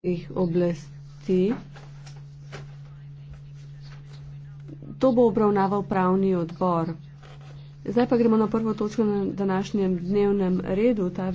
lokalnih oblasti. To bo obravnaval pravni odbor. Zdaj pa gremo na prvo točko na današnjem dnevnem redu. Ta